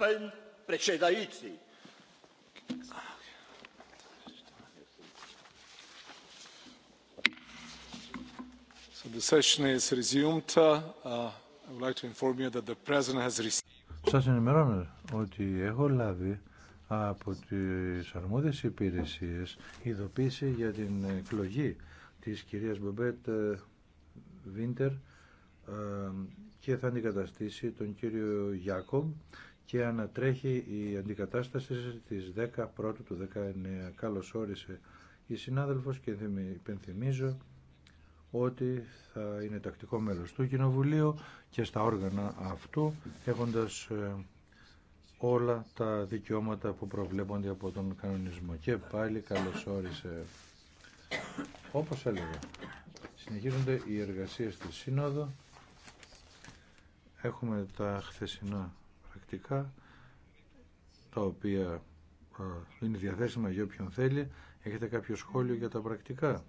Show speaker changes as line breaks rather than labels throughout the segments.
Uh, uh,
Σα ενημερώνω ότι έχω λάβει από τις αρμόδιες υπηρεσίες ειδοποίηση για την εκλογή της κυρίας Μπομπέτ ε, Βίντερ ε, και θα αντικαταστήσει τον κύριο Γιάκομ και ανατρέχει η αντικατάσταση της 10 πρώτου του 19. Καλώς όρισε η συνάδελφος και υπενθυμίζω ότι θα είναι τακτικό μέλος του Κοινοβουλίου και στα όργανα αυτού έχοντας ε, όλα τα δικαιώματα που προβλέπονται από τον κανονισμό. Και πάλι καλώς όρισε. Όπως έλεγα, συνεχίζονται οι εργασίες της Σύνοδο. Έχουμε τα χθεσινά πρακτικά τα οποία είναι διαθέσιμα για όποιον θέλει. Έχετε κάποιο σχόλιο για τα πρακτικά.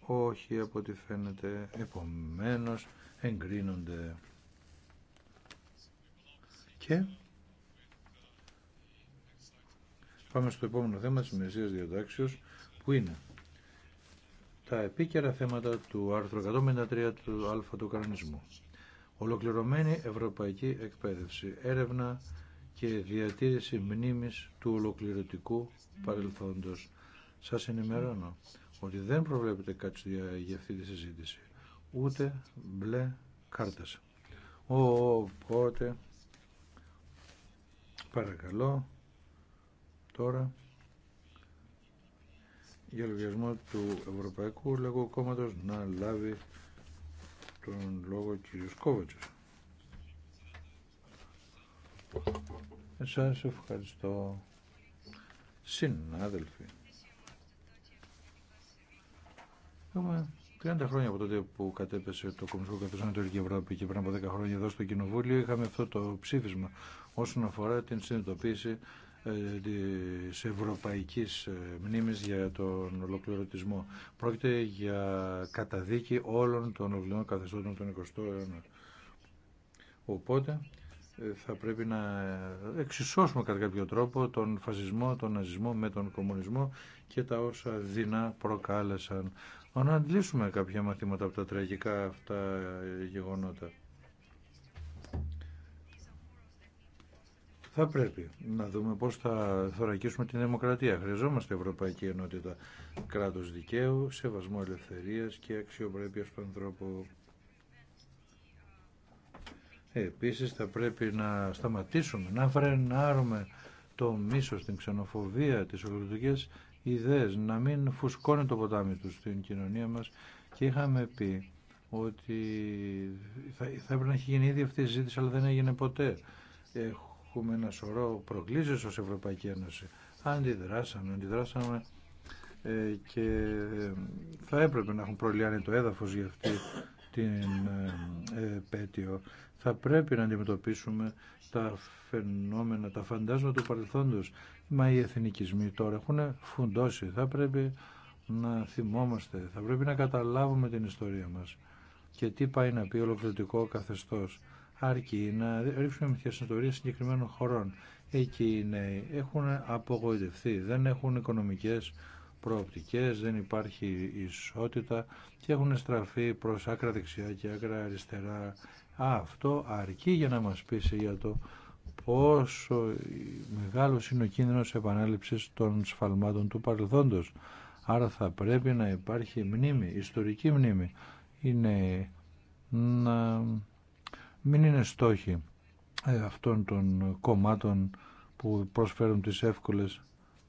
Όχι από ό,τι φαίνεται. Επομένως εγκρίνονται. Και πάμε στο επόμενο θέμα της Μεσσίας Διατάξεως που είναι τα επίκαιρα θέματα του άρθρου 153 του Α του κανονισμού. Ολοκληρωμένη ευρωπαϊκή εκπαίδευση, έρευνα και διατήρηση μνήμης του ολοκληρωτικού παρελθόντος. Σας ενημερώνω ότι δεν προβλέπεται κάτι για αυτή τη συζήτηση, ούτε μπλε κάρτες. Οπότε, παρακαλώ, τώρα για λογιασμό του Ευρωπαϊκού Λαϊκού Κόμματος να λάβει τον λόγο κύριος Κόβατσος. Σας ευχαριστώ συνάδελφοι. Έχουμε 30 χρόνια από τότε που κατέπεσε το Κομμουνιστικό Καθεστώ Ανατολική Ευρώπη και πριν από 10 χρόνια εδώ στο Κοινοβούλιο είχαμε αυτό το ψήφισμα όσον αφορά την συνειδητοποίηση ε, της Ευρωπαϊκής ε, Μνήμης για τον ολοκληρωτισμό. Πρόκειται για καταδίκη όλων των ολοκληρών καθεστώτων των 20ου αιώνα. Οπότε ε, θα πρέπει να εξισώσουμε κατά κάποιο τρόπο τον φασισμό, τον ναζισμό με τον κομμουνισμό και τα όσα δεινά προκάλεσαν. Αν αντλήσουμε κάποια μαθήματα από τα τραγικά αυτά γεγονότα. Θα πρέπει να δούμε πώς θα θωρακίσουμε την δημοκρατία. Χρειαζόμαστε ευρωπαϊκή ενότητα κράτος δικαίου, σεβασμό ελευθερίας και αξιοπρέπεια του ανθρώπου. Επίσης θα πρέπει να σταματήσουμε, να φρενάρουμε το μίσος, την ξενοφοβία, τις ολοκληρωτικές ιδέες, να μην φουσκώνει το ποτάμι του στην κοινωνία μας και είχαμε πει ότι θα, έπρεπε να έχει γίνει ήδη αυτή η ζήτηση, αλλά δεν έγινε ποτέ έχουμε ένα σωρό προκλήσεις ως Ευρωπαϊκή Ένωση. Αντιδράσαμε, αντιδράσαμε ε, και ε, θα έπρεπε να έχουν προλιάνει το έδαφος για αυτή την ε, ε πέτειο. Θα πρέπει να αντιμετωπίσουμε τα φαινόμενα, τα φαντάσματα του παρελθόντος. Μα οι εθνικισμοί τώρα έχουν φουντώσει. Θα πρέπει να θυμόμαστε, θα πρέπει να καταλάβουμε την ιστορία μας και τι πάει να πει ολοκληρωτικό καθεστώς αρκεί να ρίξουμε μια ιστορία συγκεκριμένων χωρών. Εκεί οι νέοι έχουν απογοητευτεί, δεν έχουν οικονομικές προοπτικές, δεν υπάρχει ισότητα και έχουν στραφεί προς άκρα δεξιά και άκρα αριστερά. αυτό αρκεί για να μας πείσει για το πόσο μεγάλος είναι ο κίνδυνος επανάληψης των σφαλμάτων του παρελθόντος. Άρα θα πρέπει να υπάρχει μνήμη, ιστορική μνήμη. Είναι να μην είναι στόχοι ε, αυτών των κομμάτων που προσφέρουν τις εύκολες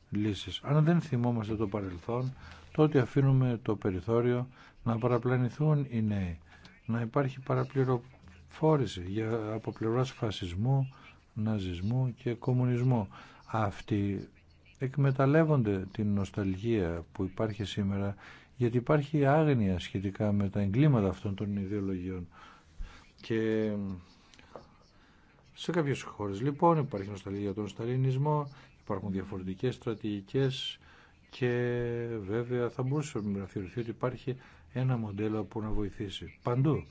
λύσεις. Αν δεν θυμόμαστε το παρελθόν, τότε αφήνουμε το περιθώριο να παραπλανηθούν οι νέοι, να υπάρχει παραπληροφόρηση για, από πλευράς φασισμού, ναζισμού και κομμουνισμού. Αυτοί εκμεταλλεύονται την νοσταλγία που υπάρχει σήμερα γιατί υπάρχει άγνοια σχετικά με τα εγκλήματα αυτών των ιδεολογιών και σε κάποιες χώρες λοιπόν υπάρχει νοσταλία για τον σταλινισμό, υπάρχουν διαφορετικές στρατηγικές και βέβαια θα μπορούσε να θεωρηθεί ότι υπάρχει ένα μοντέλο που να βοηθήσει. Παντού,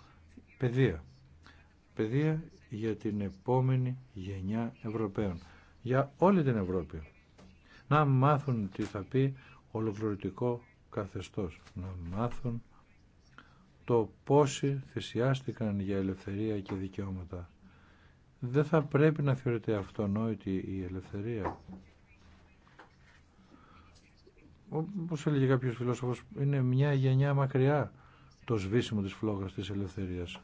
παιδεία. Παιδεία για την επόμενη γενιά Ευρωπαίων. Για όλη την Ευρώπη. Να μάθουν τι θα πει ολοκληρωτικό καθεστώς. Να μάθουν το πόσοι θυσιάστηκαν για ελευθερία και δικαιώματα. Δεν θα πρέπει να θεωρείται αυτονόητη η ελευθερία. Όπως έλεγε κάποιος φιλόσοφος, είναι μια γενιά μακριά το σβήσιμο της φλόγας της ελευθερίας.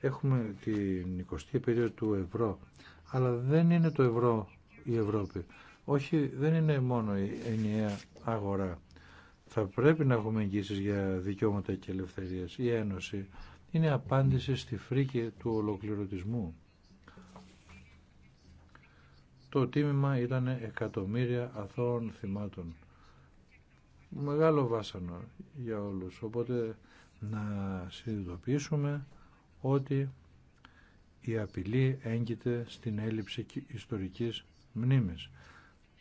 Έχουμε την 20η περίοδο του ευρώ, αλλά δεν είναι το ευρώ η Ευρώπη. Όχι, δεν είναι μόνο η ενιαία αγορά θα πρέπει να έχουμε εγγύσεις για δικαιώματα και ελευθερίες. Η Ένωση είναι απάντηση στη φρίκη του ολοκληρωτισμού. Το τίμημα ήταν εκατομμύρια αθώων θυμάτων. Μεγάλο βάσανο για όλους. Οπότε να συνειδητοποιήσουμε ότι η απειλή έγκυται στην έλλειψη ιστορικής μνήμης.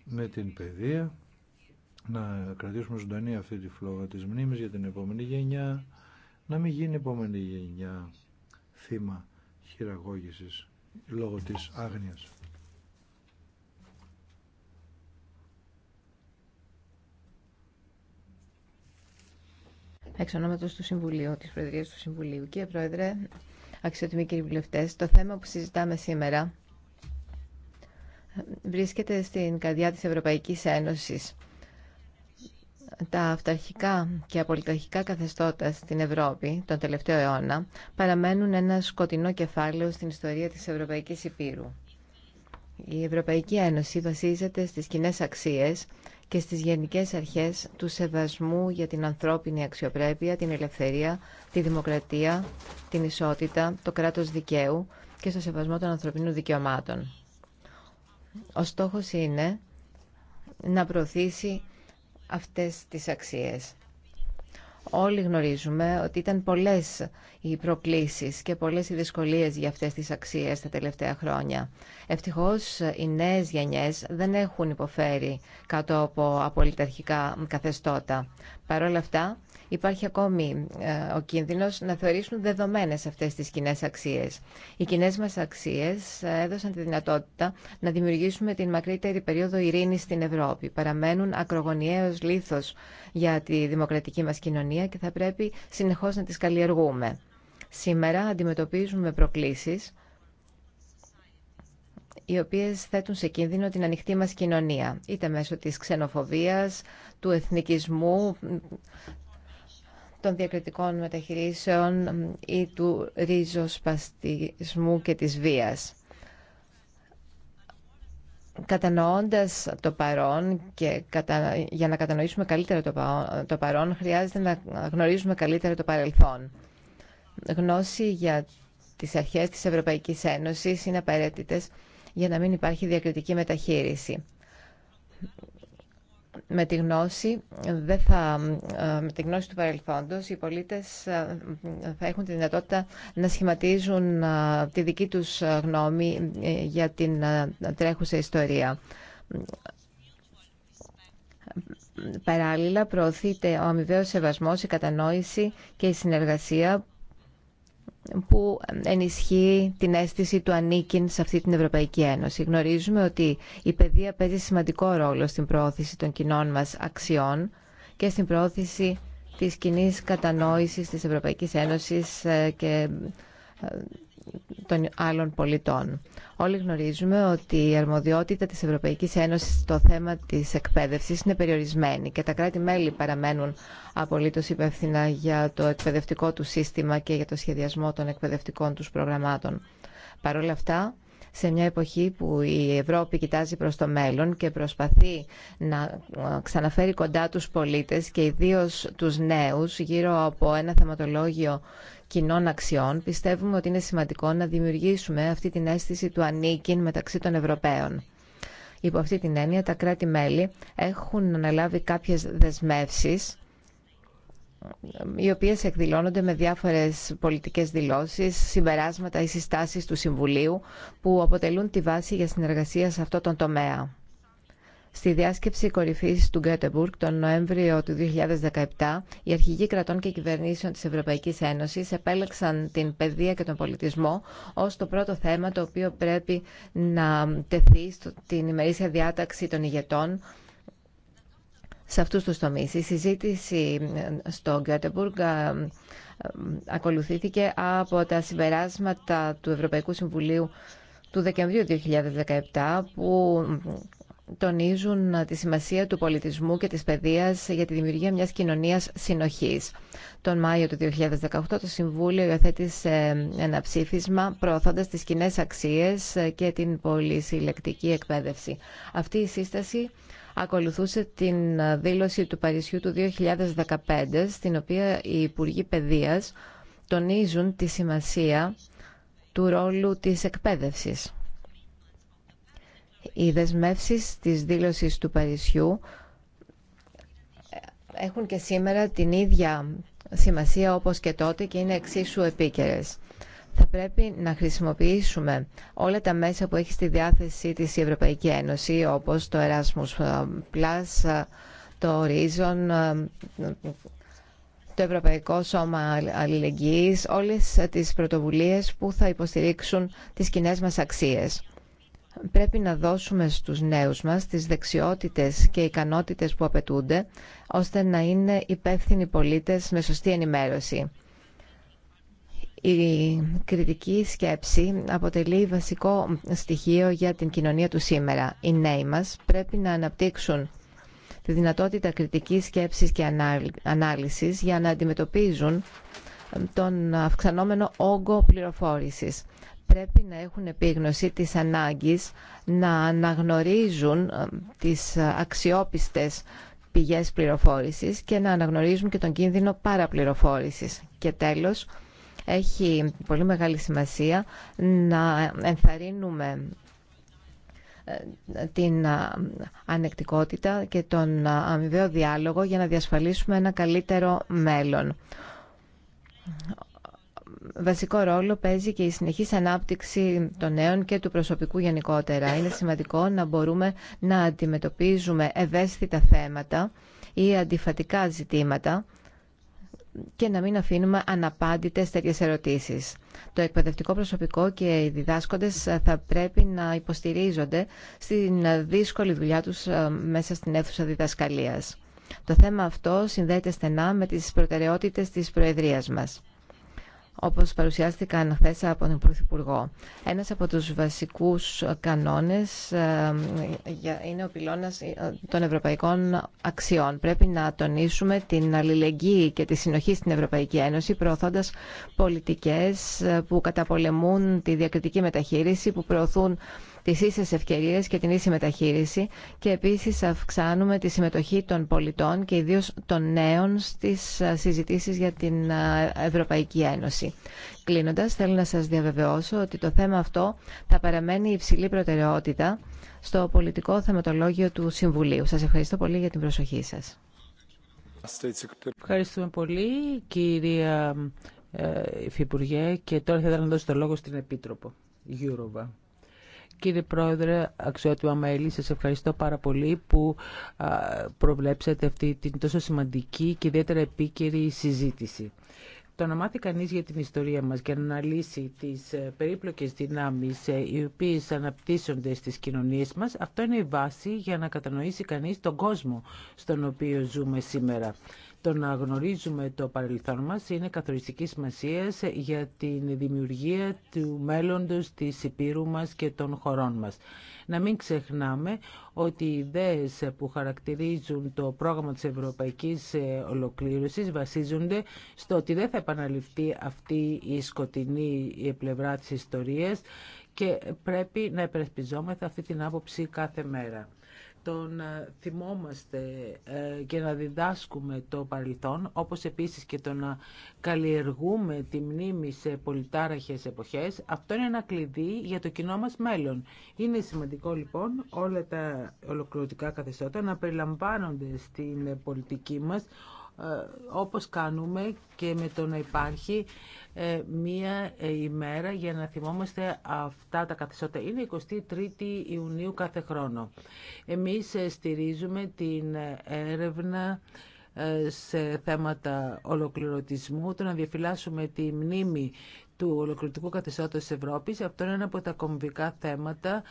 Με την παιδεία να κρατήσουμε ζωντανή αυτή τη φλόγα της μνήμης για την επόμενη γενιά, να μην γίνει η επόμενη γενιά θύμα χειραγώγησης λόγω της άγνοιας.
Εξ ονόματος του Συμβουλίου, της Προεδρίας του Συμβουλίου. Κύριε Πρόεδρε, αξιότιμοι κύριοι βουλευτές, το θέμα που συζητάμε σήμερα βρίσκεται στην καρδιά της Ευρωπαϊκής Ένωσης τα αυταρχικά και απολυταρχικά καθεστώτα στην Ευρώπη τον τελευταίο αιώνα παραμένουν ένα σκοτεινό κεφάλαιο στην ιστορία της Ευρωπαϊκής Υπήρου. Η Ευρωπαϊκή Ένωση βασίζεται στις κοινέ αξίες και στις γενικές αρχές του σεβασμού για την ανθρώπινη αξιοπρέπεια, την ελευθερία, τη δημοκρατία, την ισότητα, το κράτος δικαίου και στο σεβασμό των ανθρωπίνων δικαιωμάτων. Ο στόχος είναι να προωθήσει αυτές τις αξίες. Όλοι γνωρίζουμε ότι ήταν πολλές οι προκλήσεις και πολλές οι δυσκολίες για αυτές τις αξίες τα τελευταία χρόνια. Ευτυχώς οι νέες γενιές δεν έχουν υποφέρει κάτω από απολυταρχικά καθεστώτα. Παρ' όλα αυτά υπάρχει ακόμη ε, ο κίνδυνος να θεωρήσουν δεδομένες αυτές τις κοινέ αξίες. Οι κοινέ μας αξίες ε, έδωσαν τη δυνατότητα να δημιουργήσουμε την μακρύτερη περίοδο ειρήνης στην Ευρώπη. Παραμένουν ακρογωνιαίος λήθος για τη δημοκρατική μας κοινωνία και θα πρέπει συνεχώς να τις καλλιεργούμε. Σήμερα αντιμετωπίζουμε προκλήσεις οι οποίες θέτουν σε κίνδυνο την ανοιχτή μας κοινωνία, είτε μέσω της ξενοφοβίας, του εθνικισμού, των διακριτικών μεταχειρήσεων ή του ρίζοσπαστισμού και της βίας. Κατανοώντας το παρόν και για να κατανοήσουμε καλύτερα το παρόν, χρειάζεται να γνωρίζουμε καλύτερα το παρελθόν. Γνώση για τις αρχές της Ευρωπαϊκής Ένωσης είναι απαραίτητες για να μην υπάρχει διακριτική μεταχείριση. Με τη γνώση, δεν θα, ε, με τη γνώση του παρελθόντος, οι πολίτες ε, θα έχουν τη δυνατότητα να σχηματίζουν ε, τη δική τους γνώμη για την τρέχουσα ιστορία. Παράλληλα, προωθείται ο αμοιβαίος σεβασμός, η κατανόηση και η συνεργασία που ενισχύει την αίσθηση του ανήκειν σε αυτή την Ευρωπαϊκή Ένωση. Γνωρίζουμε ότι η παιδεία παίζει σημαντικό ρόλο στην προώθηση των κοινών μας αξιών και στην προώθηση της κοινή κατανόησης της Ευρωπαϊκής Ένωσης ε, και ε, των άλλων πολιτών. Όλοι γνωρίζουμε ότι η αρμοδιότητα της Ευρωπαϊκής Ένωσης στο θέμα της εκπαίδευσης είναι περιορισμένη και τα κράτη-μέλη παραμένουν απολύτως υπεύθυνα για το εκπαιδευτικό του σύστημα και για το σχεδιασμό των εκπαιδευτικών τους προγραμμάτων. Παρ' όλα αυτά, σε μια εποχή που η Ευρώπη κοιτάζει προς το μέλλον και προσπαθεί να ε, ξαναφέρει κοντά τους πολίτες και ιδίως τους νέους γύρω από ένα θεματολόγιο κοινών αξιών, πιστεύουμε ότι είναι σημαντικό να δημιουργήσουμε αυτή την αίσθηση του ανήκειν μεταξύ των Ευρωπαίων. Υπό αυτή την έννοια, τα κράτη-μέλη έχουν αναλάβει κάποιες δεσμεύσεις οι οποίες εκδηλώνονται με διάφορες πολιτικές δηλώσεις, συμπεράσματα ή συστάσεις του Συμβουλίου που αποτελούν τη βάση για συνεργασία σε αυτό τον τομέα. Στη διάσκεψη κορυφής του Γκέτεμπουργκ τον Νοέμβριο του 2017, οι αρχηγοί κρατών και κυβερνήσεων της Ευρωπαϊκής Ένωσης επέλεξαν την παιδεία και τον πολιτισμό ως το πρώτο θέμα το οποίο πρέπει να τεθεί στην ημερήσια διάταξη των ηγετών σε αυτούς τους τομείς. Η συζήτηση στο Γκέτεμπουργκ ε, ε, ακολουθήθηκε από τα συμπεράσματα του Ευρωπαϊκού Συμβουλίου του Δεκεμβρίου 2017 που τονίζουν τη σημασία του πολιτισμού και της παιδείας για τη δημιουργία μιας κοινωνίας συνοχής. Τον Μάιο του 2018 το Συμβούλιο υιοθέτησε ένα ψήφισμα προωθώντας τις κοινέ αξίες και την πολυσυλλεκτική εκπαίδευση. Αυτή η σύσταση ακολουθούσε την δήλωση του Παρισιού του 2015, στην οποία οι Υπουργοί Παιδείας τονίζουν τη σημασία του ρόλου της εκπαίδευσης. Οι δεσμεύσεις της δήλωσης του Παρισιού έχουν και σήμερα την ίδια σημασία όπως και τότε και είναι εξίσου επίκαιρες. Θα πρέπει να χρησιμοποιήσουμε όλα τα μέσα που έχει στη διάθεσή της η Ευρωπαϊκή Ένωση όπως το Erasmus Plus, το Horizon, το Ευρωπαϊκό Σώμα Αλληλεγγύης, όλες τις πρωτοβουλίες που θα υποστηρίξουν τις κοινέ μας αξίες πρέπει να δώσουμε στους νέους μας τις δεξιότητες και ικανότητες που απαιτούνται, ώστε να είναι υπεύθυνοι πολίτες με σωστή ενημέρωση. Η κριτική σκέψη αποτελεί βασικό στοιχείο για την κοινωνία του σήμερα. Οι νέοι μας πρέπει να αναπτύξουν τη δυνατότητα κριτικής σκέψης και ανάλυσης για να αντιμετωπίζουν τον αυξανόμενο όγκο πληροφόρησης πρέπει να έχουν επίγνωση της ανάγκης να αναγνωρίζουν ε, τις αξιόπιστες πηγές πληροφόρησης και να αναγνωρίζουν και τον κίνδυνο παραπληροφόρησης. Και τέλος, έχει πολύ μεγάλη σημασία να ενθαρρύνουμε ε, την ε, ανεκτικότητα και τον αμοιβαίο διάλογο για να διασφαλίσουμε ένα καλύτερο μέλλον βασικό ρόλο παίζει και η συνεχής ανάπτυξη των νέων και του προσωπικού γενικότερα. Είναι σημαντικό να μπορούμε να αντιμετωπίζουμε ευαίσθητα θέματα ή αντιφατικά ζητήματα και να μην αφήνουμε αναπάντητες τέτοιες ερωτήσεις. Το εκπαιδευτικό προσωπικό και οι διδάσκοντες θα πρέπει να υποστηρίζονται στην δύσκολη δουλειά τους ε, μέσα στην αίθουσα διδασκαλίας. Το θέμα αυτό συνδέεται στενά με τις προτεραιότητες της Προεδρίας μας όπως παρουσιάστηκαν χθε από τον Πρωθυπουργό. Ένας από τους βασικούς κανόνες ε, είναι ο πυλώνα ε, των ευρωπαϊκών αξιών. Πρέπει να τονίσουμε την αλληλεγγύη και τη συνοχή στην Ευρωπαϊκή Ένωση, προωθώντα πολιτικές ε, που καταπολεμούν τη διακριτική μεταχείριση, που προωθούν τις ίσες ευκαιρίες και την ίση μεταχείριση και επίσης αυξάνουμε τη συμμετοχή των πολιτών και ιδίως των νέων στις ε, συζητήσεις για την ε, Ευρωπαϊκή Ένωση. Κλείνοντας, θέλω να σας διαβεβαιώσω ότι το θέμα αυτό θα παραμένει υψηλή προτεραιότητα στο πολιτικό θεματολόγιο του Συμβουλίου. Σας ευχαριστώ πολύ για την προσοχή σας.
Ευχαριστούμε πολύ, κυρία ε, Υφυπουργέ. Και τώρα θα ήθελα να δώσω το λόγο στην Επίτροπο, Γιούροβα. Κύριε Πρόεδρε, αξιότιμα μέλη, σας ευχαριστώ πάρα πολύ που προβλέψατε αυτή την τόσο σημαντική και ιδιαίτερα επίκαιρη συζήτηση. Το να μάθει κανεί για την ιστορία μα και να αναλύσει τι ε, περίπλοκε δυνάμει ε, οι οποίε αναπτύσσονται στι κοινωνίε μα, αυτό είναι η βάση για να κατανοήσει κανεί τον κόσμο στον οποίο ζούμε σήμερα. Το να γνωρίζουμε το παρελθόν μας είναι καθοριστική σημασία για τη δημιουργία του μέλλοντος της Υπήρου μας και των χωρών μας. Να μην ξεχνάμε ότι οι ιδέες που χαρακτηρίζουν το πρόγραμμα της Ευρωπαϊκής ε, Ολοκλήρωσης βασίζονται στο ότι δεν θα επαναληφθεί αυτή η σκοτεινή ε, πλευρά της ιστορίας και πρέπει να υπερασπιζόμεθα αυτή την άποψη κάθε μέρα το να ε, θυμόμαστε ε, και να διδάσκουμε το παρελθόν, όπως επίσης και το να καλλιεργούμε τη μνήμη σε πολυτάραχες εποχές, αυτό είναι ένα κλειδί για το κοινό μας μέλλον. Είναι σημαντικό λοιπόν όλα τα ολοκληρωτικά καθεστώτα να περιλαμβάνονται στην πολιτική μας, ε, όπως κάνουμε και με το να υπάρχει ε, μία ε, ημέρα για να θυμόμαστε αυτά τα καθεστώτα. Είναι 23η Ιουνίου κάθε χρόνο. Εμείς στηρίζουμε την έρευνα σε θέματα ολοκληρωτισμού, το να διαφυλάσσουμε τη μνήμη του ολοκληρωτικού καθεστώτος της Ευρώπης. Αυτό είναι ένα από τα κομβικά θέματα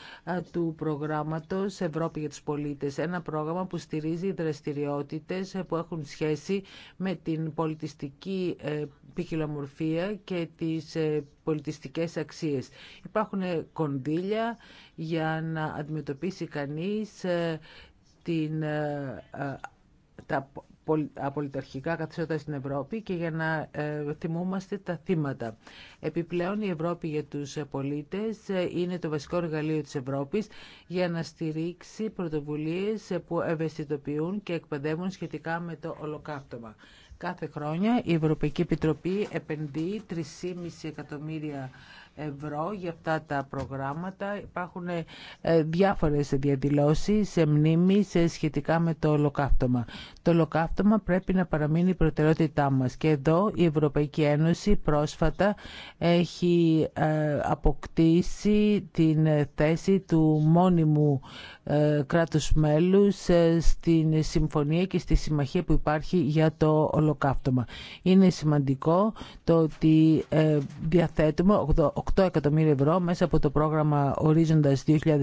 του προγράμματος Ευρώπη για τους πολίτες. Ένα πρόγραμμα που στηρίζει δραστηριότητες ε, που έχουν σχέση με την πολιτιστική ε, ποικιλομορφία και τις ε, πολιτιστικές αξίες. Υπάρχουν κονδύλια για να αντιμετωπίσει κανείς την, τα απολυταρχικά καθιστώτα στην Ευρώπη και για να ε, θυμούμαστε τα θύματα. Επιπλέον η Ευρώπη για τους πολίτες ε, είναι το βασικό εργαλείο της Ευρώπης για να στηρίξει πρωτοβουλίες ε, που ευαισθητοποιούν και εκπαιδεύουν σχετικά με το ολοκαύτωμα. Κάθε χρόνια η Ευρωπαϊκή Επιτροπή επενδύει 3,5 εκατομμύρια ευρώ για αυτά τα προγράμματα. Υπάρχουν ε, διάφορες διαδηλώσεις σε μνήμη σχετικά με το ολοκαύτωμα. Το ολοκαύτωμα πρέπει να παραμείνει η προτεραιότητά μας. Και εδώ η Ευρωπαϊκή Ένωση πρόσφατα έχει ε, αποκτήσει την θέση του μόνιμου ε, κράτους μέλους στην συμφωνία και στη συμμαχία που υπάρχει για το ολοκαύτωμα. Είναι σημαντικό το ότι διαθέτουμε 8 εκατομμύρια ευρώ μέσα από το πρόγραμμα Ορίζοντας 2020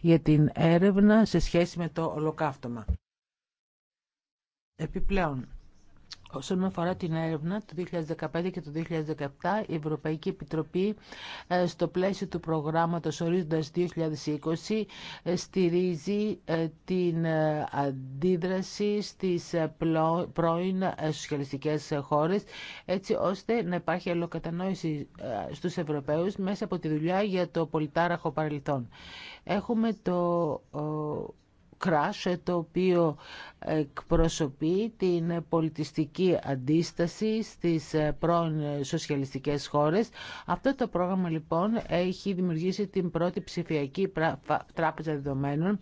για την έρευνα σε σχέση με το ολοκαύτωμα. Επιπλέον, Όσον αφορά την έρευνα, το 2015 και το 2017 η Ευρωπαϊκή Επιτροπή ε, στο πλαίσιο του προγράμματος Ορίζοντας 2020 ε, στηρίζει ε, την αντίδραση στις πρώην σοσιαλιστικές χώρες έτσι ώστε να υπάρχει αλλοκατανόηση στους Ευρωπαίους μέσα από τη δουλειά για το πολιτάραχο παρελθόν. Έχουμε το crash το οποίο εκπροσωπεί την πολιτιστική αντίσταση στις πρώην σοσιαλιστικές χώρες. Αυτό το πρόγραμμα λοιπόν έχει δημιουργήσει την πρώτη ψηφιακή τράπεζα δεδομένων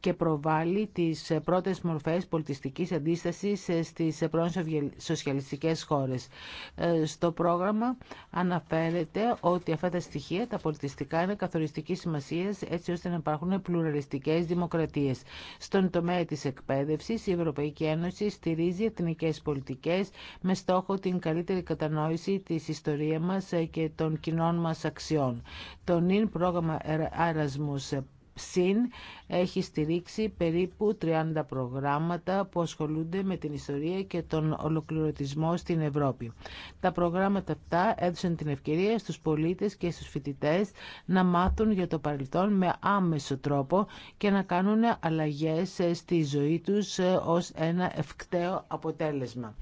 και προβάλλει τις πρώτες μορφές πολιτιστικής αντίστασης στις πρώην σοσιαλιστικές χώρες. Ε, στο πρόγραμμα αναφέρεται ότι αυτά τα στοιχεία, τα πολιτιστικά, είναι καθοριστική σημασία έτσι ώστε να υπάρχουν πλουραλιστικές δημοκρατίες. Στον τομέα της εκπαίδευση η Ευρωπαϊκή Ένωση στηρίζει εθνικές πολιτικές με στόχο την καλύτερη κατανόηση της ιστορίας μας και των κοινών μας αξιών. Το νυν πρόγραμμα Erasmus ΣΥΝ έχει στηρίξει περίπου 30 προγράμματα που ασχολούνται με την ιστορία και τον ολοκληρωτισμό στην Ευρώπη. Τα προγράμματα αυτά έδωσαν την ευκαιρία στους πολίτες και στους φοιτητές να μάθουν για το παρελθόν με άμεσο τρόπο και να κάνουν αλλαγές στη ζωή τους ε, ως ένα ευκταίο αποτέλεσμα.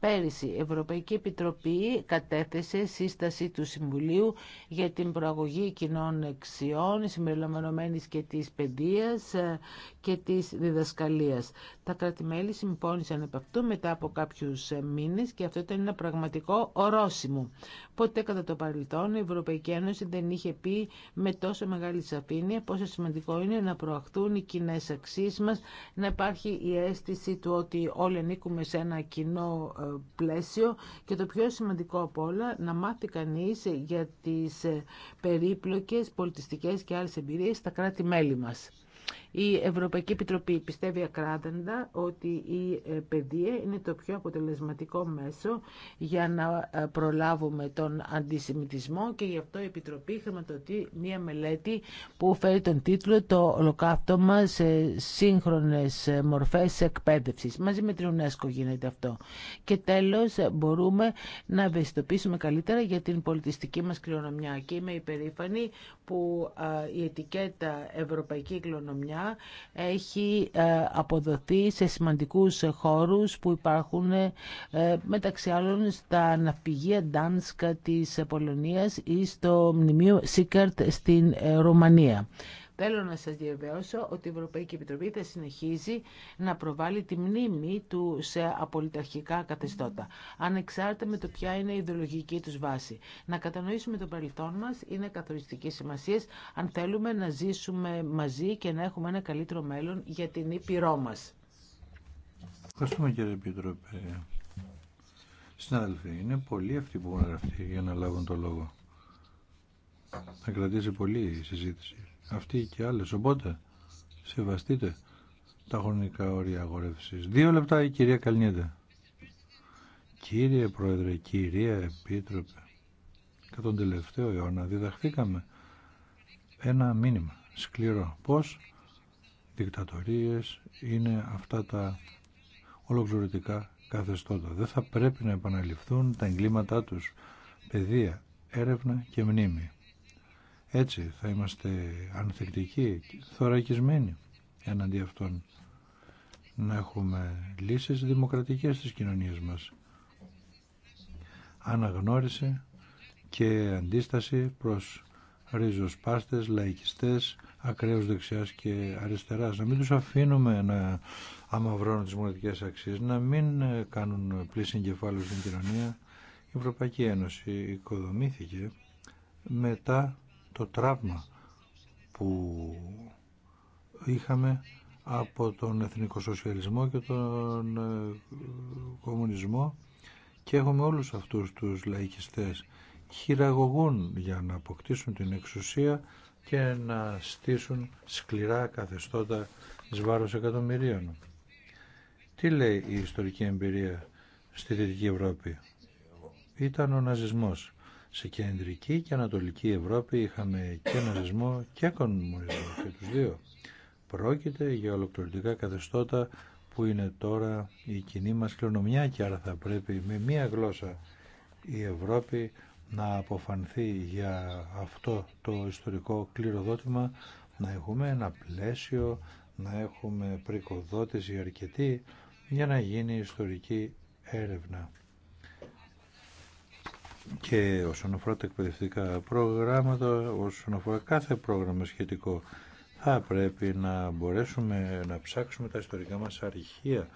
Πέρυσι, η Ευρωπαϊκή Επιτροπή κατέθεσε σύσταση του Συμβουλίου για την προαγωγή κοινών εξιών, συμπεριλαμβανομένης και της παιδείας ε, και της διδασκαλίας. Τα κρατημέλη συμφώνησαν από αυτού μετά από κάποιους ε, μήνες και αυτό ήταν ένα πραγματικό ορόσημο. Ποτέ κατά το παρελθόν η Ευρωπαϊκή Ένωση δεν είχε πει με τόσο μεγάλη σαφήνεια πόσο σημαντικό είναι να προαχθούν οι κοινέ αξίες μας, να υπάρχει η αίσθηση του ότι όλοι ανήκουμε σε ένα κοινό ε, πλαίσιο και το πιο σημαντικό από όλα να μάθει κανείς για τις περίπλοκες πολιτιστικές και άλλες εμπειρίες στα κράτη-μέλη μας. Η Ευρωπαϊκή Επιτροπή πιστεύει ακράδαντα ότι η ε, παιδεία είναι το πιο αποτελεσματικό μέσο για να ε, προλάβουμε τον αντισημιτισμό και γι' αυτό η Επιτροπή χρηματοδοτεί μία μελέτη που φέρει τον τίτλο «Το ολοκαύτωμα σε σύγχρονες ε, μορφές εκπαίδευσης». Μαζί με την UNESCO γίνεται αυτό. Και τέλος μπορούμε να ευαισθητοποιήσουμε καλύτερα για την πολιτιστική μας κληρονομιά. Και είμαι υπερήφανη που η ετικέτα Ευρωπαϊκή Κληρονομιά έχει ε, αποδοθεί σε σημαντικούς χώρους που υπάρχουν ε, μεταξύ άλλων στα ναυπηγεία Ντάνσκα της Πολωνίας ή στο μνημείο Σίκαρτ στην ε, Ρουμανία. Θέλω να σας διαβεβαιώσω ότι η Ευρωπαϊκή Επιτροπή θα συνεχίζει να προβάλλει τη μνήμη του σε απολυταρχικά καθεστώτα, ανεξάρτητα με το ποια είναι η ιδεολογική τους βάση. Να κατανοήσουμε τον παρελθόν μας είναι καθοριστική σημασία αν θέλουμε να ζήσουμε μαζί και να έχουμε ένα καλύτερο μέλλον για την Ήπειρό μας.
Ευχαριστούμε κύριε Επίτροπε. Συνάδελφοι, είναι πολλοί αυτοί που έχουν γραφτεί για να λάβουν το λόγο. Θα κρατήσει πολύ η συζήτηση αυτοί και άλλες. Οπότε, σεβαστείτε τα χρονικά όρια αγορεύση. Δύο λεπτά η κυρία Καλνίδα. Κύριε Πρόεδρε, κυρία Επίτροπε, κατά τον τελευταίο αιώνα διδαχθήκαμε ένα μήνυμα σκληρό. Πώς δικτατορίες είναι αυτά τα ολοκληρωτικά καθεστώτα. Δεν θα πρέπει να επαναληφθούν τα εγκλήματά τους. Παιδεία, έρευνα και μνήμη. Έτσι θα είμαστε ανθεκτικοί, θωρακισμένοι εναντί αυτών. Να έχουμε λύσεις δημοκρατικές στις κοινωνίες μας. Αναγνώριση και αντίσταση προς ριζοσπάστες, λαϊκιστές, ακραίους δεξιάς και αριστεράς. Να μην τους αφήνουμε να αμαυρώνουν τις μοναδικές αξίες, να μην ε, κάνουν πλήση εγκεφάλου στην κοινωνία. Η Ευρωπαϊκή Ένωση οικοδομήθηκε μετά το τραύμα που είχαμε από τον εθνικό σοσιαλισμό και τον ε, κομμουνισμό και έχουμε όλους αυτούς τους λαϊκιστές χειραγωγούν για να αποκτήσουν την εξουσία και να στήσουν σκληρά καθεστώτα εις βάρος εκατομμυρίων. Τι λέει η ιστορική εμπειρία στη Δυτική Ευρώπη. Ήταν ο ναζισμός. Σε κεντρική και ανατολική Ευρώπη είχαμε και ναζισμό και κομμουνισμό και τους δύο. Πρόκειται για ολοκληρωτικά καθεστώτα που είναι τώρα η κοινή μας κληρονομιά και άρα θα πρέπει με μία γλώσσα η Ευρώπη να αποφανθεί για αυτό το ιστορικό κληροδότημα, να έχουμε ένα πλαίσιο, να έχουμε πρικοδότηση αρκετή για να γίνει ιστορική έρευνα και όσον αφορά τα εκπαιδευτικά προγράμματα, όσον αφορά κάθε πρόγραμμα σχετικό, θα πρέπει να μπορέσουμε να ψάξουμε τα ιστορικά μας αρχεία,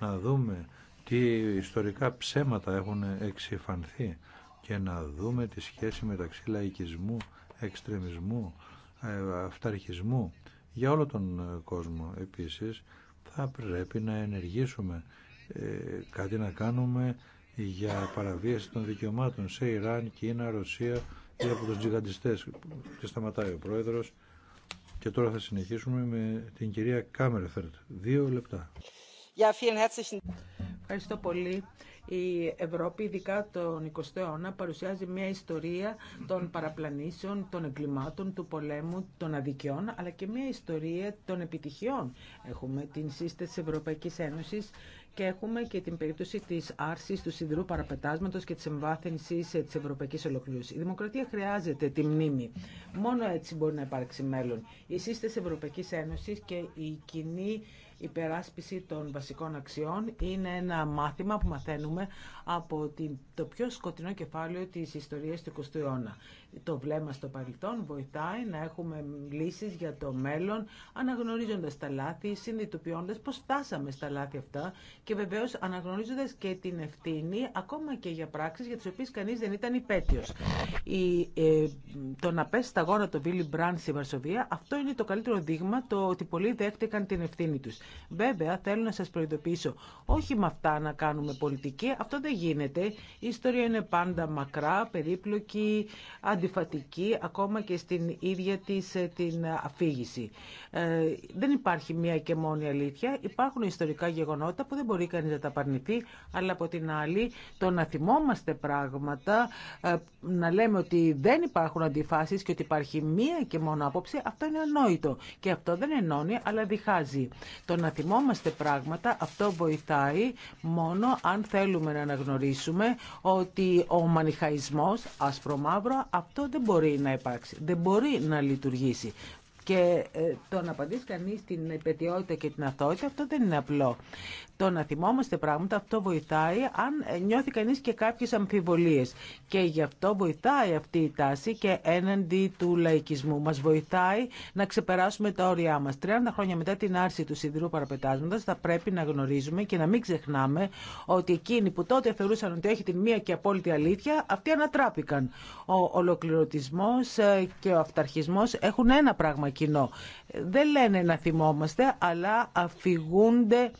να δούμε τι ιστορικά ψέματα έχουν εξυφανθεί και να δούμε τη σχέση μεταξύ λαϊκισμού, εξτρεμισμού, ε, αυταρχισμού για όλο τον κόσμο επίσης θα πρέπει να ενεργήσουμε ε, κάτι να κάνουμε για παραβίαση των δικαιωμάτων σε Ιράν, Κίνα, Ρωσία ή από τους τζιγαντιστές. Και σταματάει ο Πρόεδρος. Και τώρα θα συνεχίσουμε με την κυρία Κάμερφερτ. Δύο λεπτά.
Ευχαριστώ πολύ. Η Ευρώπη, ειδικά τον 20ο αιώνα, παρουσιάζει μια ιστορία των παραπλανήσεων, των εγκλημάτων, του πολέμου, των αδικιών, αλλά και μια ιστορία των επιτυχιών. Έχουμε την σύσταση της Ευρωπαϊκής Ένωσης και έχουμε και την περίπτωση της άρσης του σιδηρού παραπετάσματος και της εμβάθυνση ε, τη Ευρωπαϊκή ολοκλήρωση. Η δημοκρατία χρειάζεται τη μνήμη. Μόνο έτσι μπορεί να υπάρξει μέλλον. Η σύσταση Ευρωπαϊκής Ένωσης και η κοινή υπεράσπιση των βασικών αξιών είναι ένα μάθημα που μαθαίνουμε από το πιο σκοτεινό κεφάλαιο τη ιστορία του 20ου αιώνα το βλέμμα στο παρελθόν, βοηθάει να έχουμε λύσεις για το μέλλον, αναγνωρίζοντας τα λάθη, συνειδητοποιώντας πώς φτάσαμε στα λάθη αυτά και βεβαίως αναγνωρίζοντας και την ευθύνη, ακόμα και για πράξεις για τις οποίες κανείς δεν ήταν υπέτειος. Ε, το να πέσει στα γόνα το Βίλι Μπραν στη Βαρσοβία, αυτό είναι το καλύτερο δείγμα το ότι πολλοί δέχτηκαν την ευθύνη τους. Βέβαια, θέλω να σας προειδοποιήσω, όχι με αυτά να κάνουμε πολιτική, αυτό δεν γίνεται. Η ιστορία είναι πάντα μακρά, περίπλοκη, αντιφατική ακόμα και στην ίδια της ε, την ε, αφήγηση. Ε, δεν υπάρχει μία και μόνη αλήθεια. Υπάρχουν ιστορικά γεγονότα που δεν μπορεί κανείς να τα παρνηθεί, αλλά από την άλλη το να θυμόμαστε πράγματα, ε, να λέμε ότι δεν υπάρχουν αντιφάσεις και ότι υπάρχει μία και μόνο άποψη, αυτό είναι ανόητο. Και αυτό δεν ενώνει, αλλά διχάζει. Το να θυμόμαστε πράγματα, αυτό βοηθάει μόνο αν θέλουμε να αναγνωρίσουμε ότι ο μανιχαϊσμός, άσπρο-μαύρο, αυτό δεν μπορεί να υπάρξει, δεν μπορεί να λειτουργήσει. Και ε, το να απαντήσει κανεί την επαιτειότητα και την αθότητα αυτό δεν είναι απλό. Το να θυμόμαστε πράγματα αυτό βοηθάει αν νιώθει κανείς και κάποιες αμφιβολίες. Και γι' αυτό βοηθάει αυτή η τάση και έναντι του λαϊκισμού. Μας βοηθάει να ξεπεράσουμε τα όρια μας. 30 χρόνια μετά την άρση του σιδηρού παραπετάσματος θα πρέπει να γνωρίζουμε και να μην ξεχνάμε ότι εκείνοι που τότε θεωρούσαν ότι έχει την μία και απόλυτη αλήθεια, αυτοί ανατράπηκαν. Ο ολοκληρωτισμός ε, και ο αυταρχισμός έχουν ένα πράγμα κοινό. Δεν λένε να θυμόμαστε, αλλά αφηγούνται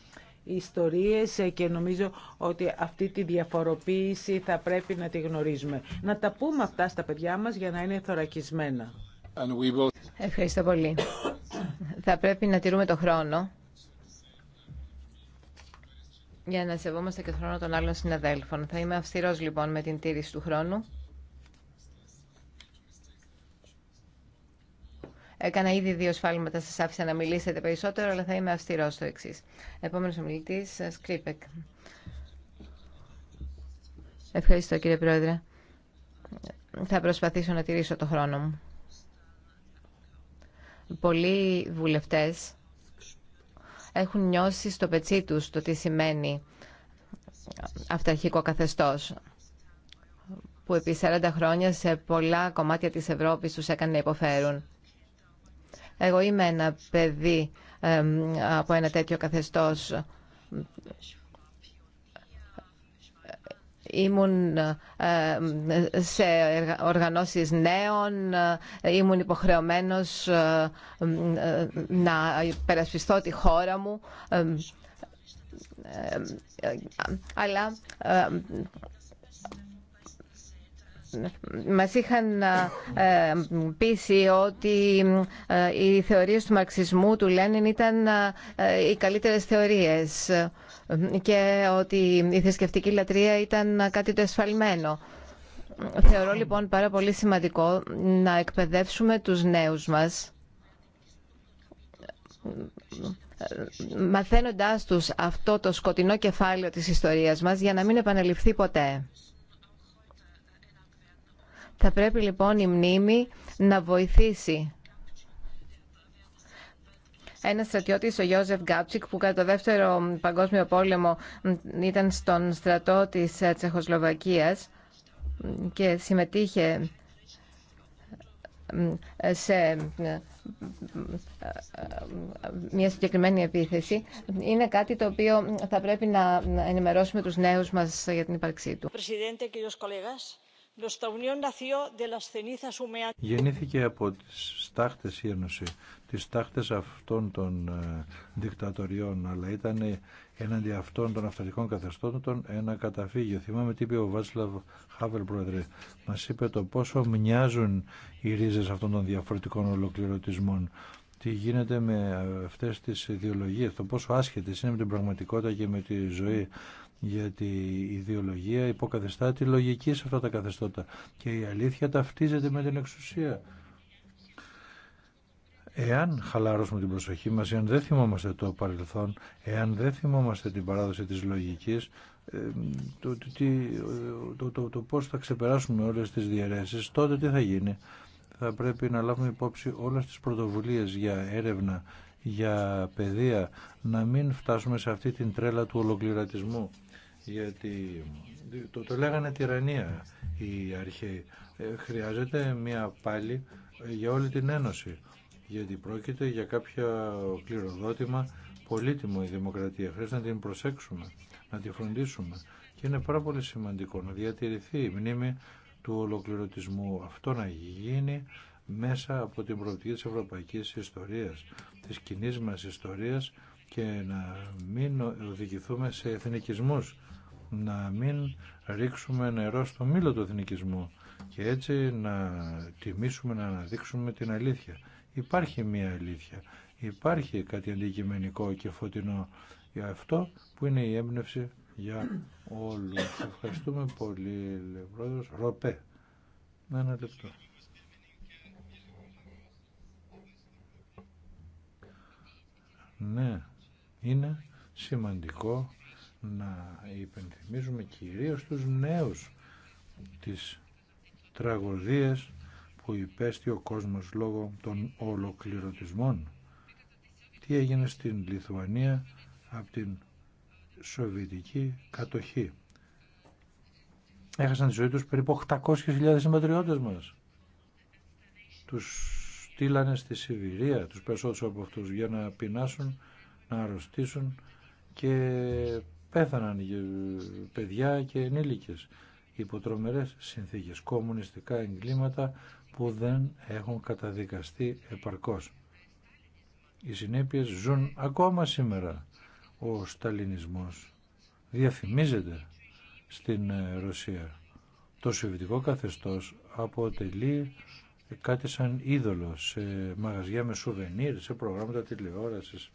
ιστορίες και νομίζω ότι αυτή τη διαφοροποίηση θα πρέπει να τη γνωρίζουμε. Να τα πούμε αυτά στα παιδιά μας για να είναι θωρακισμένα. Ευχαριστώ πολύ.
θα πρέπει να τηρούμε το χρόνο για να σεβόμαστε και το χρόνο των άλλων συναδέλφων. Θα είμαι αυστηρός λοιπόν με την τήρηση του χρόνου. Έκανα ήδη δύο σφάλματα, σα άφησα να μιλήσετε περισσότερο, αλλά θα είμαι αυστηρό στο εξή. Επόμενος ομιλητής, Σκρίπεκ. Ευχαριστώ κύριε Πρόεδρε. Θα προσπαθήσω να τηρήσω το χρόνο μου. Πολλοί βουλευτές έχουν νιώσει στο πετσί τους το τι σημαίνει αυταρχικό καθεστώς που επί 40 χρόνια σε πολλά κομμάτια της Ευρώπης τους έκανε να υποφέρουν. Εγώ είμαι ένα παιδί από ένα τέτοιο καθεστώς. Ήμουν σε οργανώσεις νέων, ήμουν υποχρεωμένος να υπερασπιστώ τη χώρα μου, αλλά μας είχαν ε, πείσει ότι ε, οι θεωρίες του μαρξισμού του Λένιν ήταν ε, οι καλύτερες θεωρίες και ότι η θρησκευτική λατρεία ήταν κάτι το εσφαλμένο. Θεωρώ λοιπόν πάρα πολύ σημαντικό να εκπαιδεύσουμε τους νέους μας μαθαίνοντάς τους αυτό το σκοτεινό κεφάλαιο της ιστορίας μας για να μην επαναληφθεί ποτέ. Θα πρέπει λοιπόν η μνήμη να βοηθήσει ένα στρατιώτη, ο Γιώζεφ Γκάπτσικ, που κατά το δεύτερο παγκόσμιο πόλεμο ήταν στον στρατό της ε, Τσεχοσλοβακίας και συμμετείχε σε ε, μια συγκεκριμένη επίθεση είναι κάτι το οποίο θα πρέπει να ενημερώσουμε τους νέους μας για την ύπαρξή του.
Γεννήθηκε από τις στάχτες η Ένωση, τις στάχτες αυτών των ε, δικτατοριών, αλλά ήταν έναντι αυτών των αυταρχικών καθεστώτων ένα καταφύγιο. Θυμάμαι τι είπε ο Βάτσλαβ Χάβελ, πρόεδρε. Μας είπε το πόσο μοιάζουν οι ρίζες αυτών των διαφορετικών ολοκληρωτισμών τι γίνεται με αυτές τις ιδεολογίες, το πόσο άσχετες είναι με την πραγματικότητα και με τη ζωή. Γιατί η ιδεολογία υποκαθεστά τη λογική σε αυτά τα καθεστώτα και η αλήθεια ταυτίζεται με την εξουσία. Εάν χαλαρώσουμε την προσοχή μας, εάν δεν θυμόμαστε το παρελθόν, εάν δεν θυμόμαστε την παράδοση της λογικής, ε, το, το, το, το πώς θα ξεπεράσουμε όλες τις διαιρέσεις, τότε τι θα γίνει θα πρέπει να λάβουμε υπόψη όλες τις πρωτοβουλίες για έρευνα, για παιδεία, να μην φτάσουμε σε αυτή την τρέλα του ολοκληρωτισμού. Γιατί το, το λέγανε τυραννία οι αρχαίοι. Ε, χρειάζεται μια πάλι για όλη την Ένωση. Γιατί πρόκειται για κάποια κληροδότημα πολύτιμο η δημοκρατία. Χρειάζεται να την προσέξουμε, να τη φροντίσουμε. Και είναι πάρα πολύ σημαντικό να διατηρηθεί η μνήμη του ολοκληρωτισμού. Αυτό να γίνει μέσα από την προοπτική της ευρωπαϊκής ιστορίας, της κοινή μας ιστορίας και να μην οδηγηθούμε σε εθνικισμούς, να μην ρίξουμε νερό στο μήλο του εθνικισμού και έτσι να τιμήσουμε, να αναδείξουμε την αλήθεια. Υπάρχει μία αλήθεια, υπάρχει κάτι αντικειμενικό και φωτεινό για αυτό που είναι η έμπνευση για όλους. Ευχαριστούμε πολύ, Πρόεδρος. Ροπέ. Ένα λεπτό. Ναι, είναι σημαντικό να υπενθυμίζουμε κυρίως τους νέους τις τραγωδίες που υπέστη ο κόσμος λόγω των ολοκληρωτισμών. Τι έγινε στην Λιθουανία από την σοβιετική κατοχή. Έχασαν τη ζωή τους περίπου 800.000 συμπατριώτες μας. Τους στείλανε στη Σιβηρία, τους περισσότερους από αυτούς, για να πεινάσουν, να αρρωστήσουν και πέθαναν ε, παιδιά και ενήλικες υπό τρομερές συνθήκες, κομμουνιστικά εγκλήματα που δεν έχουν καταδικαστεί επαρκώς. Οι συνέπειες ζουν ακόμα σήμερα ο σταλινισμός διαφημίζεται στην ε, Ρωσία. Το σοβιετικό καθεστώς αποτελεί κάτι σαν είδωλο σε μαγαζιά με σουβενίρ, σε προγράμματα τηλεόρασης.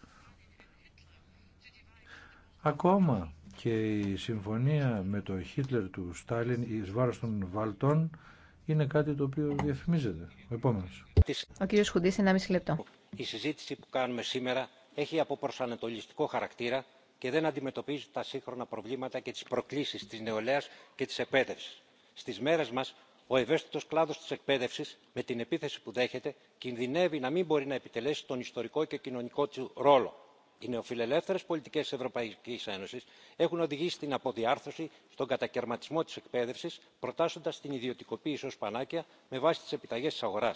Ακόμα και η συμφωνία με το Χίτλερ του Στάλιν εις βάρος των Βαλτών είναι κάτι το οποίο διαφημίζεται. Ο επόμενος. Ο κύριος Χουντής, 1,5 λεπτό.
Η συζήτηση που κάνουμε σήμερα έχει αποπροσανατολιστικό χαρακτήρα και δεν αντιμετωπίζει τα σύγχρονα προβλήματα και τι προκλήσει τη νεολαία και τη εκπαίδευση. στι μέρε μα ο ευαίσθητο κλάδο τη εκπαίδευση με την επίθεση που δέχεται κινδυνεύει να μην μπορεί να επιτελέσει τον ιστορικό και κοινωνικό του ρόλο. οι νεοφιλελεύθερε πολιτικέ τη ευρωπαϊκή ένωση έχουν οδηγήσει στην αποδιάρθρωση στον κατακαιρματισμό τη εκπαίδευση προτάσσοντα την ιδιωτικοποίηση ω πανάκια με βάση τι επιταγέ τη αγορά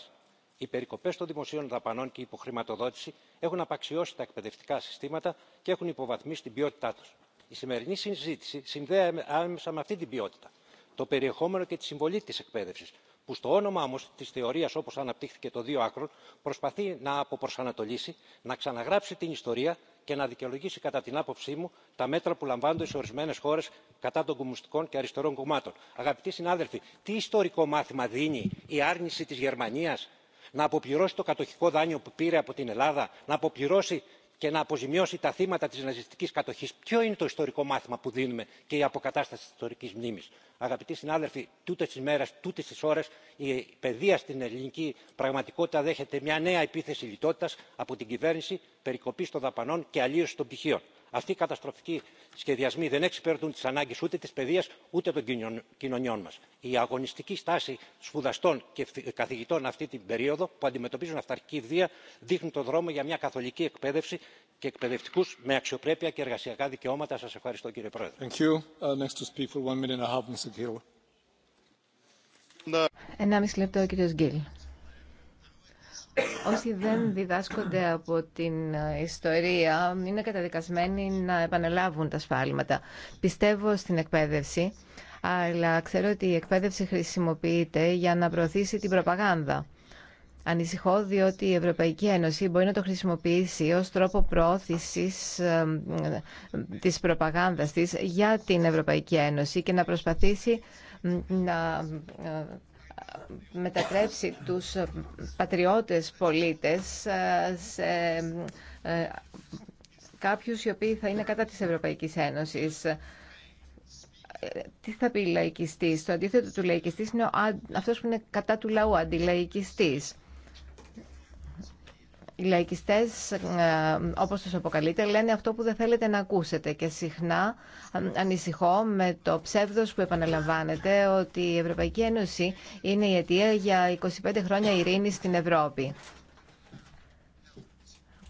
οι περικοπέ των δημοσίων δαπανών και η υποχρηματοδότηση έχουν απαξιώσει τα εκπαιδευτικά συστήματα και έχουν υποβαθμίσει την ποιότητά του. η σημερινή συζήτηση συνδέεται άμεσα με αυτή την ποιότητα το περιεχόμενο και τη συμβολή τη εκπαίδευση που στο όνομα όμω τη θεωρία όπω αναπτύχθηκε το δύο άκρων προσπαθεί να αποπροσανατολίσει να ξαναγράψει την ιστορία και να δικαιολογήσει κατά την άποψή μου τα μέτρα που λαμβάνονται σε ορισμένε χώρε κατά των κομμουνιστικών και αριστερών κομμάτων. αγαπητοί συνάδελφοι τι ιστορικό μάθημα δίνει η άρνηση τη γερμανία να αποπληρώσει το κατοχικό δάνειο που πήρε από την ελλάδα να αποπληρώσει και να αποζημιώσει τα θύματα της ναζιστικής κατοχής. ποιο είναι το ιστορικό μάθημα που δίνουμε και η αποκατάσταση της ιστορικής μνήμης. αγαπητοί συνάδελφοι τούτες τις μέρες τούτες τις ώρες η παιδεία στην ελληνική πραγματικότητα δέχεται μια νέα επίθεση λιτότητας από την κυβέρνηση περικοπής των δαπανών και αλλίωση των πτυχίων αυτοί οι καταστροφικοί σχεδιασμοί δεν εξυπηρετούν τι ανάγκε ούτε τη παιδεία ούτε των κοινωνιών μα. η αγωνιστική στάση σπουδαστών και καθηγητών αυτή την περίοδο που αντιμετωπίζουν αυταρχική βία δείχνει τον δρόμο για μια καθολική εκπαίδευση και εκπαιδευτικού με αξιοπρέπεια και εργασιακά δικαιώματα. σα ευχαριστώ κύριε πρόεδρε.
Uh, Όσοι δεν διδάσκονται από την ε, ιστορία είναι καταδικασμένοι να επαναλάβουν τα σφάλματα. Πιστεύω στην εκπαίδευση, αλλά ξέρω ότι η εκπαίδευση χρησιμοποιείται για να προωθήσει την προπαγάνδα. Ανησυχώ διότι η Ευρωπαϊκή Ένωση μπορεί να το χρησιμοποιήσει ως τρόπο προώθησης ε, ε, της προπαγάνδας της για την Ευρωπαϊκή Ένωση και να προσπαθήσει να μετατρέψει τους πατριώτες πολίτες ε, σε ε, κάποιους οι οποίοι θα είναι κατά της Ευρωπαϊκής Ένωσης. Ε, τι θα πει λαϊκιστής. Το αντίθετο του λαϊκιστής είναι αυτός που είναι κατά του λαού, αντιλαϊκιστής οι λαϊκιστές, ε, όπως τους αποκαλείτε, λένε αυτό που δεν θέλετε να ακούσετε και συχνά ε, ανησυχώ με το ψεύδος που επαναλαμβάνεται ότι η Ευρωπαϊκή Ένωση είναι η αιτία για 25 χρόνια ειρήνη στην Ευρώπη.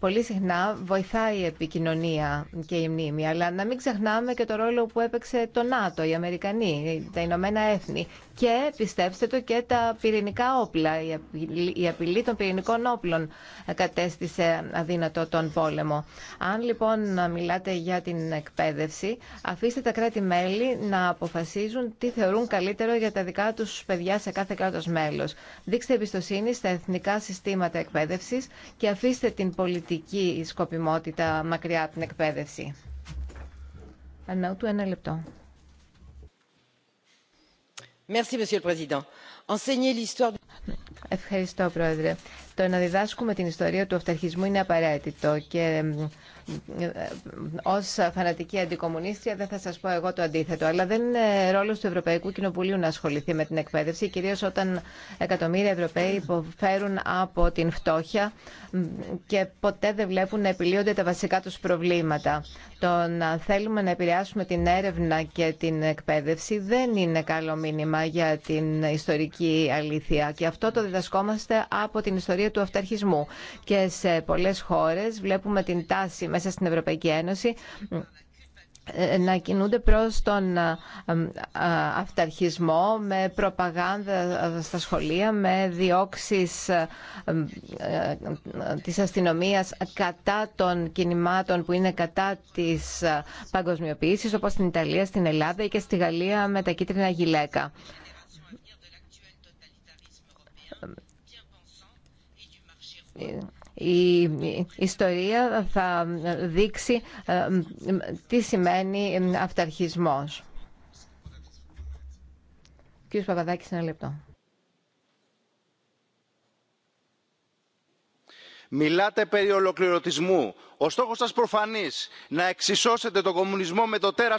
Πολύ συχνά βοηθάει η επικοινωνία και η μνήμη, αλλά να μην ξεχνάμε και το ρόλο που έπαιξε το ΝΑΤΟ, οι Αμερικανοί, τα Ηνωμένα Έθνη και, πιστέψτε το, και τα πυρηνικά όπλα. Η απειλή, των πυρηνικών όπλων κατέστησε αδύνατο τον πόλεμο. Αν λοιπόν μιλάτε για την εκπαίδευση, αφήστε τα κράτη-μέλη να αποφασίζουν τι θεωρούν καλύτερο για τα δικά τους παιδιά σε κάθε κράτος μέλος. Δείξτε εμπιστοσύνη στα εθνικά συστήματα εκπαίδευσης και αφήστε την πολιτική σκοπιμότητα μακριά από την εκπαίδευση. Αναού του ένα λεπτό. Ευχαριστώ, Πρόεδρε. Το να διδάσκουμε την ιστορία του αυταρχισμού είναι απαραίτητο και ε, ε, ε, ως φανατική αντικομουνίστρια δεν θα σας πω εγώ το αντίθετο αλλά δεν είναι ρόλος του Ευρωπαϊκού Κοινοβουλίου να ασχοληθεί με την εκπαίδευση κυρίως όταν εκατομμύρια Ευρωπαίοι υποφέρουν από την φτώχεια και ποτέ δεν βλέπουν να επιλύονται τα βασικά τους προβλήματα. Το να θέλουμε να επηρεάσουμε την έρευνα και την εκπαίδευση δεν είναι καλό μήνυμα για την ιστορική αλήθεια και αυτό το διδασκόμαστε από την ιστορία του αυταρχισμού. Και σε πολλές χώρες βλέπουμε την τάση μέσα στην Ευρωπαϊκή Ένωση ε, να κινούνται προς τον ε, ε, αυταρχισμό με προπαγάνδα στα σχολεία, με διώξεις της αστυνομίας κατά των κινημάτων που είναι κατά της παγκοσμιοποίησης, όπως στην Ιταλία, στην Ελλάδα ή και στη Γαλλία με τα κίτρινα γυλαίκα. η ιστορία θα δείξει ε, τι σημαίνει αυταρχισμός. Κύριος Παπαδάκης, ένα λεπτό.
Μιλάτε περί ολοκληρωτισμού. Ο στόχος σας προφανής, να εξισώσετε τον κομμουνισμό με το τέρας